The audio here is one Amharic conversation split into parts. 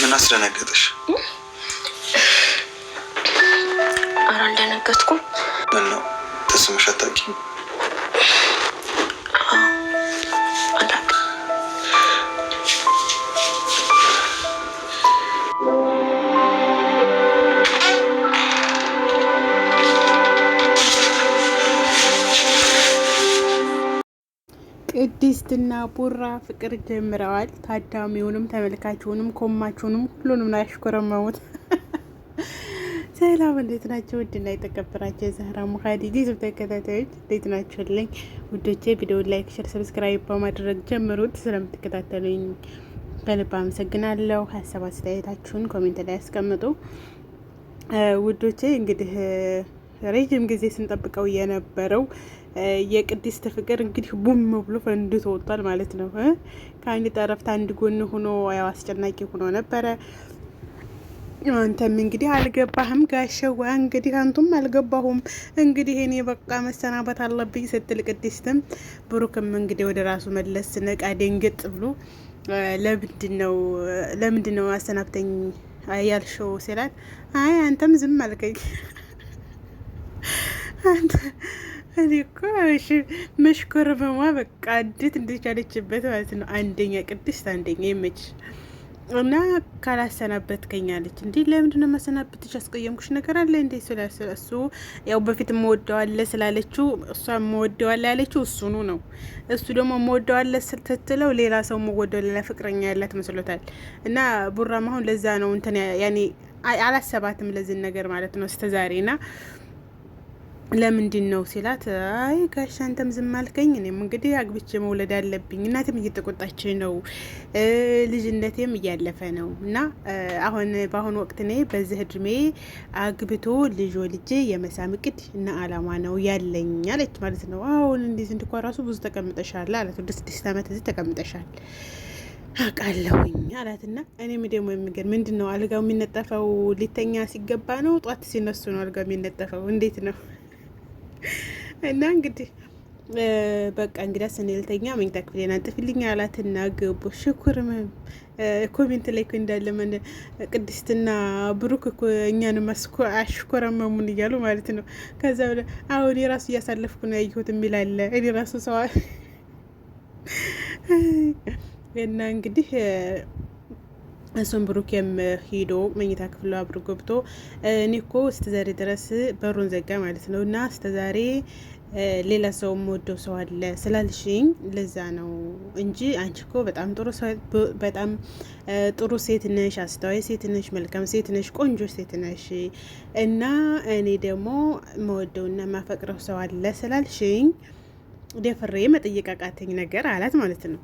ምን አስደነገጠሽ? ኧረ አልደነገጥኩም። ምን ነው ተስመሽ አታውቂም? ቅድስትና ቡራ ፍቅር ጀምረዋል። ታዳሚውንም ተመልካችሁንም ኮማችሁንም ሁሉንም ነው ያሽኮረመሙት። ሰላም እንዴት ናቸው? ውድና የተከበራቸው የዛህራ ሙካዲ ዩቱብ ተከታታዮች እንዴት ናቸውልኝ? ውዶቼ ቪዲዮን ላይክ፣ ሸር፣ ሰብስክራይብ በማድረግ ጀምሩት። ስለምትከታተሉኝ በልብ አመሰግናለሁ። ሀሳብ አስተያየታችሁን ኮሜንት ላይ ያስቀምጡ። ውዶቼ እንግዲህ ረዥም ጊዜ ስንጠብቀው የነበረው የቅድስት ፍቅር እንግዲህ ቡም ብሎ ፈንድቶ ወጥቷል ማለት ነው። ከአንድ ጠረፍት አንድ ጎን ሆኖ ያው አስጨናቂ ሆኖ ነበረ። አንተም እንግዲህ አልገባህም ጋሸዋ፣ እንግዲህ አንቱም አልገባሁም፣ እንግዲህ እኔ በቃ መሰናበት አለብኝ ስትል ቅድስትም ብሩክም እንግዲህ ወደ ራሱ መለስ ነቃ ደንግጥ ብሎ ለምንድነው ለምንድነው አሰናብተኝ ያልሽው ሲላት፣ አይ አንተም ዝም አልከኝ አንተ እኔ እኮ መሽኮርመሟ በቃ እንዴት እንደቻለችበት ማለት ነው። አንደኛ ቅድስት አንደኛ የመች እና ካላሰናበት ከኛለች እንዲህ ለምንድን ነው ማሰናበትሽ? ያስቀየምኩሽ ነገር አለ እንዴ? እሱ ያው በፊት መወደዋለ ስላለችው እሷ መወደዋለ ያለችው እሱኑ ነው። እሱ ደግሞ መወደዋለ ስትትለው ሌላ ሰው መወደው ሌላ ፍቅረኛ ያላት መስሎታል። እና ቡራም አሁን ለዛ ነው እንትን ያኔ አላሰባትም ለዚህን ነገር ማለት ነው እስከ ዛሬ ና ለምንድን ነው ሲላት፣ አይ ጋሻ አንተም ዝም አልከኝ። እኔም እንግዲህ አግብቼ መውለድ አለብኝ። እናትም እየተቆጣች ነው፣ ልጅነቴም እያለፈ ነው እና አሁን በአሁኑ ወቅት እኔ በዚህ እድሜ አግብቶ ልጅ ወልጄ የመሳም እቅድ እና አላማ ነው ያለኝ አለች ማለት ነው። አሁን እንዴት እንድኳ ራሱ ብዙ ተቀምጠሻል አላት። ወደ ስድስት ዓመት እዚህ ተቀምጠሻል አቃለሁኝ አላትና እኔም ደግሞ የሚገርም ምንድን ነው አልጋው የሚነጠፈው ሊተኛ ሲገባ ነው፣ ጧት ሲነሱ ነው አልጋው የሚነጠፈው። እንዴት ነው እና እንግዲህ በቃ እንግዳ ስንልተኛ መኝታ ክፍሌን አንጥፊልኝ አላትና ገቡ። ሽኩርም ኮሜንት ላይ እኮ እንዳለ መን ቅድስትና ብሩክ እኮ እኛን መስኮ አሽኮረመሙን እያሉ ማለት ነው። ከዛ ብለ አሁን የራሱ እያሳለፍኩ ነው ያየሁት የሚላለ እኔ ራሱ ሰዋ እና እንግዲህ እሱም ብሩክ ሂዶ መኝታ ክፍሉ አብሮ ገብቶ ኒኮ እኮ ድረስ በሩን ዘጋ ማለት ነው እና ስተዛሬ ሌላ ሰው ወደው ሰው አለ ስላልሽኝ ለዛ ነው እንጂ አንቺ ኮ በጣም ጥሩ በጣም ጥሩ ሴት ነሽ፣ አስተዋይ ሴት ነሽ፣ መልካም ሴት ነሽ፣ ቆንጆ ሴት ነሽ እና እኔ ደግሞ መወደውና ማፈቅረው ሰው አለ ስላልሽኝ ደፍሬ መጠየቅ አቃተኝ ነገር አላት ማለት ነው።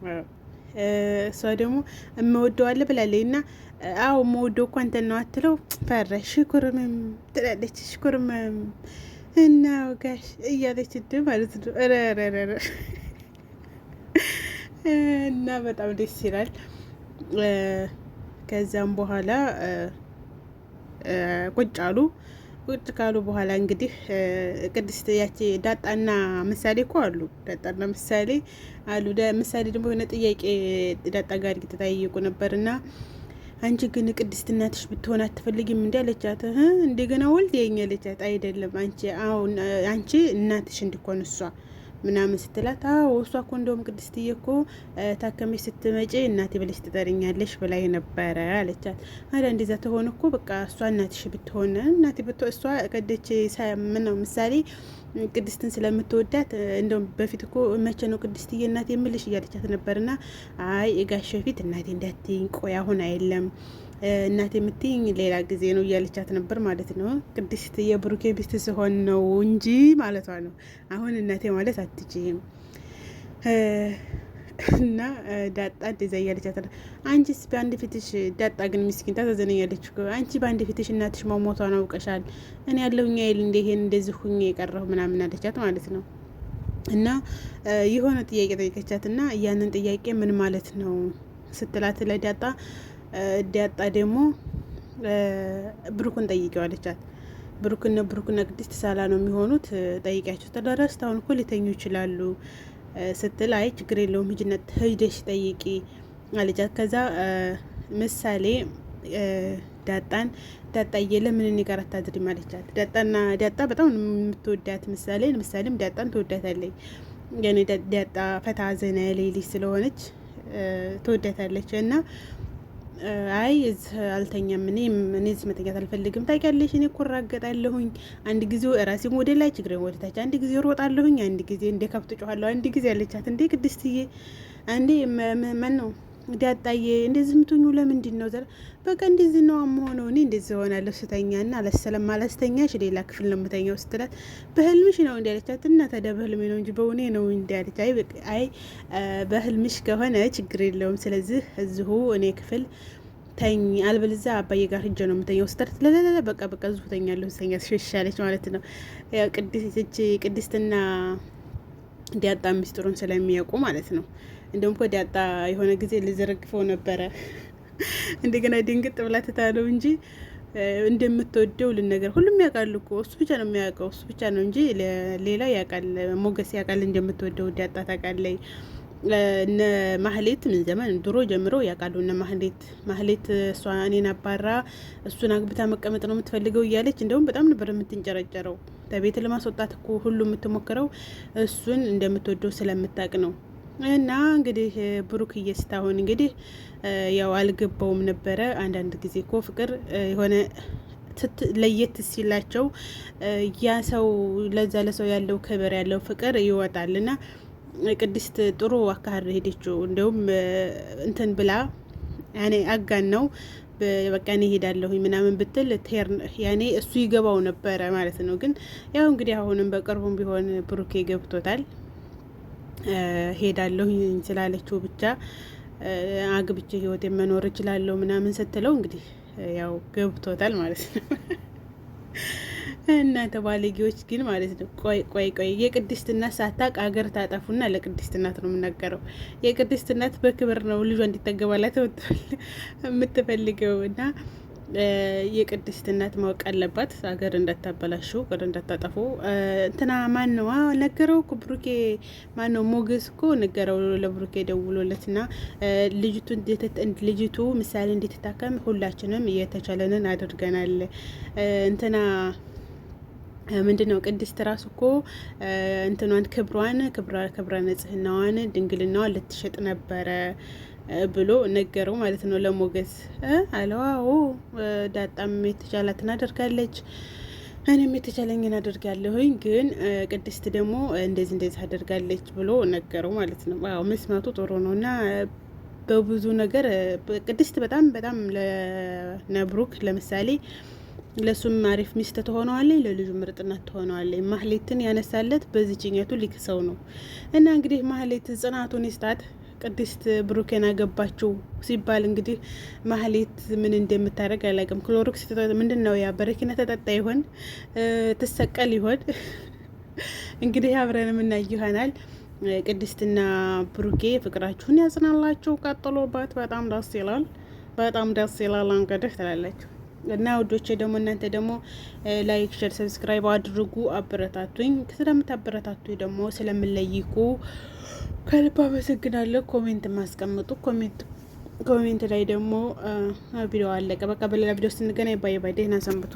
እሷ ደግሞ እመወደዋለ ብላለች እና አዎ እመወደው እኮ አንተን ነው አትለው ፈረ ሽኩርምም ትላለች። ሽኩርምም እና ጋሽ እያለች ድ ማለት ነው ረረረ እና በጣም ደስ ይላል። ከዚያም በኋላ ቁጭ አሉ። ቁጭ ካሉ በኋላ እንግዲህ ቅድስት ያቺ ዳጣና ምሳሌ እኮ አሉ። ዳጣና ምሳሌ አሉ። ምሳሌ ደግሞ የሆነ ጥያቄ ዳጣ ጋር ተጠያየቁ ነበርና አንቺ ግን ቅድስት እናትሽ ብትሆን አትፈልጊም እንዲ አለቻት። እንደገና ወልድ የኛ አለቻት። አይደለም አንቺ አሁን አንቺ እናትሽ እንድኮን እሷ ምናምን ስትላት፣ አዎ እሷ እኮ እንደውም ቅድስትዬ እኮ ታከመች ስትመጪ እናቴ ብለሽ ትጠርኛለሽ ብላይ ነበረ አለቻት። አዳ እንደዛ ተሆን እኮ በቃ እሷ እናትሽ ብትሆነ እናቴ ብት እሷ ቀደች ምነው ምሳሌ ቅድስትን ስለምትወዳት እንደውም በፊት እኮ መቼ ነው ቅድስትዬ እናቴ የምልሽ እያለቻት ነበርና፣ አይ እጋሽ በፊት እናቴ እንዳትይኝ ቆይ አሁን አይለም እናቴ የምትይኝ ሌላ ጊዜ ነው እያለቻት ነበር ማለት ነው። ቅድስት የብሩኬ ቢስት ስሆን ነው እንጂ ማለቷ ነው። አሁን እናቴ ማለት አትችይም እና ዳጣ እንደዛ እያለቻት ነው። አንቺስ በአንድ ፊትሽ ዳጣ ግን ምስኪንታ ታዘነኛለች። አንቺ በአንድ ፊትሽ እናትሽ መሞቷን አውቀሻል። እኔ ያለሁኛ ይል እንደ ይሄን እንደዚህ ሁኜ የቀረሁ ምናምን አለቻት ማለት ነው። እና የሆነ ጥያቄ ጠይቀቻት እና ያንን ጥያቄ ምን ማለት ነው ስትላት ለዳጣ እንዲያጣ ደግሞ ብሩክን ጠይቂው አለቻት። ብሩክና ብሩክና ቅድስት ሳላ ነው የሚሆኑት፣ ጠይቂያቸው ተደረስት አሁን እኮ ሊተኙ ይችላሉ ስትል አይ ችግር የለውም ህጅነት ህጅደሽ ጠይቂ አለቻት። ከዛ ምሳሌ ዳጣን ዳጣዬ ለምን እኔ ጋር አታድሪም አለቻት። ዳጣና ዳጣ በጣም የምትወዳት ምሳሌ ምሳሌም ዳጣን ትወዳታለች። ያኔ ዳጣ ፈታ ዘና ያለች ልጅ ስለሆነች ትወዳታለች እና አይ እዚህ አልተኛም፣ እኔ እኔ እዚህ መተኛት አልፈልግም። ታውቂያለሽ፣ እኔ እኮ እራገጣለሁኝ። አንድ ጊዜ ራሴን ወደ ላይ ችግሬን ወደ ታች፣ አንድ ጊዜ እሮጣለሁኝ፣ አንድ ጊዜ እንደ ከብት ጮኋለሁ፣ አንድ ጊዜ አለቻት። እንዴ ቅድስትዬ፣ አንዴ ምን ነው ዳጣዬ እንደዚህ ምትኙ ለምንድን ነው? ዘር በቃ እንደዚህ ነው መሆነው። እኔ እንደዚህ ሆናለሁ ስተኛ እና አለሰለም አለስተኛሽ ሌላ ክፍል ነው የምተኛው ስትላት በህልምሽ ነው እንዲያለቻት እና ታዲያ በህልሜ ነው እንጂ በእውኔ ነው እንዲያለች። አይ አይ በህልምሽ ከሆነ ችግር የለውም ስለዚህ እዚሁ እኔ ክፍል ተኝ አልበልዛ አባዬ ጋር ሂጅ ነው የምተኛው ስትላት ለለለ በቃ በቃ እዚሁ ተኛለሁ ስተኛ ትሸሻለች ማለት ነው። ቅድስት ቅድስትና እንዲያጣ ሚስጥሩን ስለሚያውቁ ማለት ነው። እንደውም እኮ ዳጣ የሆነ ጊዜ ልዘረግፈው ነበረ። እንደገና ድንግጥ ብላ ትታለው እንጂ እንደምትወደው ልነገር ሁሉም ያውቃል እኮ እሱ ብቻ ነው የሚያውቀው። እሱ ብቻ ነው እንጂ ሌላ ያውቃል። ሞገስ ያውቃል እንደምትወደው ዳጣ ታውቃለይ። እነ ማህሌት ምን ዘመን ድሮ ጀምሮ ያውቃሉ። እነ ማህሌት ማህሌት እሷ እኔን አባራ እሱን አግብታ መቀመጥ ነው የምትፈልገው እያለች እንደውም በጣም ነበር የምትንጨረጨረው። ከቤት ለማስወጣት እኮ ሁሉ የምትሞክረው እሱን እንደምትወደው ስለምታውቅ ነው። እና እንግዲህ ብሩክዬ ስታሆን እንግዲህ ያው አልገባውም ነበረ። አንዳንድ ጊዜ እኮ ፍቅር የሆነ ለየት ሲላቸው ያ ሰው ለዛ ለሰው ያለው ክብር ያለው ፍቅር ይወጣል። እና ቅድስት ጥሩ አካሄድ ሄደችው። እንደውም እንትን ብላ ያኔ አጋን ነው በቃ እኔ ምናምን ብትል ቴር ያኔ እሱ ይገባው ነበረ ማለት ነው። ግን ያው እንግዲህ አሁንም በቅርቡም ቢሆን ብሩኬ ገብቶታል። ሄዳለሁ ስላለችው ብቻ አግብቼ ህይወት መኖር እችላለሁ ምናምን ስትለው እንግዲህ ያው ገብቶታል ማለት ነው። እናንተ ባለጌዎች ግን ማለት ነው። ቆይ ቆይ ቆይ የቅድስት እናት ሳታቅ አገር ታጠፉና ለቅድስት እናት ነው የምናገረው። የቅድስት እናት በክብር ነው ልጇ እንዲጠገባላት የምትፈልገው እና የቅድስትነት ማወቅ አለባት። ሀገር እንዳታበላሹ፣ ሀገር እንዳታጠፉ። እንትና ማን ነው ነገረው? ብሩኬ ማን ነው ሞገስ እኮ ነገረው ለብሩኬ ደውሎለትና ልጅቱ ምሳሌ እንድትታከም ሁላችንም እየተቻለንን አድርገናል። እንትና ምንድን ነው ቅድስት ራሱ እኮ እንትኗን ክብሯን ክብረ ንጽህናዋን ድንግልናዋን ልትሸጥ ነበረ ብሎ ነገረው ማለት ነው ለሞገስ አለው። አዎ ዳጣም የተቻላትን አደርጋለች፣ እኔም የተቻለኝን አደርጋለሁኝ፣ ግን ቅድስት ደግሞ እንደዚህ እንደዚህ አደርጋለች ብሎ ነገረው ማለት ነው። አዎ መስማቱ ጥሩ ነው እና በብዙ ነገር ቅድስት በጣም በጣም ለነብሩክ ለምሳሌ ለሱም አሪፍ ሚስት ትሆነዋለች፣ ለልጁ ምርጥናት ትሆነዋለች። ማህሌትን ያነሳለት በዚችኛቱ ሊክሰው ነው እና እንግዲህ ማህሌት ጽናቱን ይስጣት። ቅድስት ብሩኬን አገባችው ሲባል እንግዲህ ማህሌት ምን እንደምታደርግ አላውቅም። ክሎሮክስ ምንድን ነው ያ በረኪና ተጠጣ ይሆን ትሰቀል ይሆን? እንግዲህ አብረን የምናይ ይሆናል። ቅድስትና ብሩኬ ፍቅራችሁን ያጽናላችሁ፣ ቀጥሎበት። በጣም ደስ ይላል፣ በጣም ደስ ይላል። አንቀድህ ትላላችሁ እና ውዶቼ ደግሞ እናንተ ደግሞ ላይክ፣ ሸር፣ ሰብስክራይብ አድርጉ። አበረታቱኝ። ስለምታበረታቱ ደግሞ ስለምለይኩ ከልብ አመሰግናለሁ። ኮሜንት ማስቀምጡ ኮሜንት ኮሜንት ላይ ደግሞ ቪዲዮ አለቀ። በቃ በሌላ ቪዲዮ ስንገናኝ ባይ ባይ። ደህና ሰንብቱ።